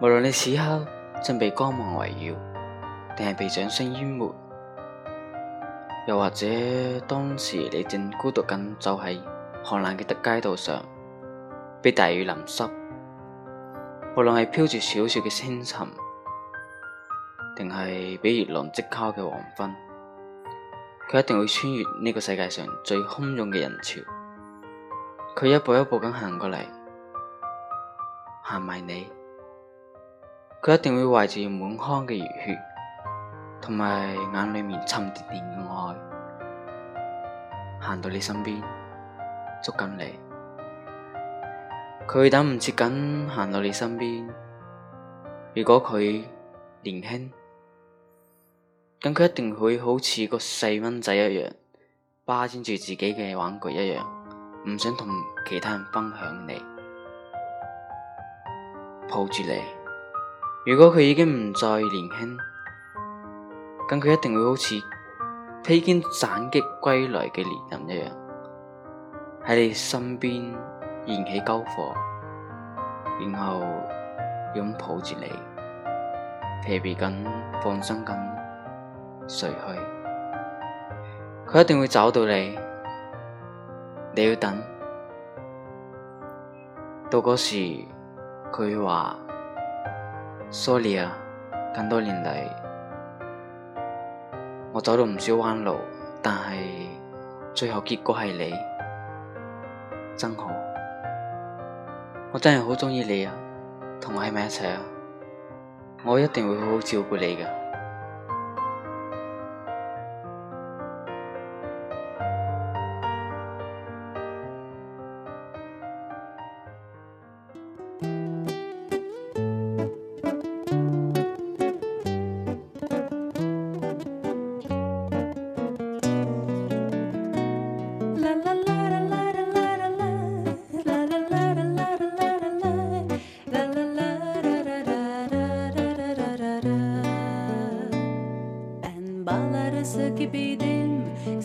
無論你此刻正被光芒圍繞，定係被掌聲淹沒，又或者當時你正孤獨咁走喺寒冷嘅街道上，被大雨淋濕，無論係飄住小雪嘅清晨，定係俾熱浪炙烤嘅黃昏，佢一定會穿越呢個世界上最洶湧嘅人潮，佢一步一步咁行過嚟，行埋你。佢一定會懷住滿腔嘅熱血，同埋眼裏面沉甸甸嘅愛，行到你身邊，捉緊你。佢等唔切咁行到你身邊。如果佢年輕，咁佢一定會好似個細蚊仔一樣，霸佔住自己嘅玩具一樣，唔想同其他人分享你，抱住你。如果佢已經唔再年輕，咁佢一定會好似披荊斬棘歸來嘅獵人一樣，喺你身邊燃起篝火，然後擁抱住你，疲憊咁，放心咁睡去。佢一定會找到你，你要等到嗰時，佢話。Sorry 啊，咁多年嚟，我走咗唔少彎路，但係最後結果係你，真好，我真係好鍾意你啊，同我喺埋一齊啊，我一定會好好照顧你嘅。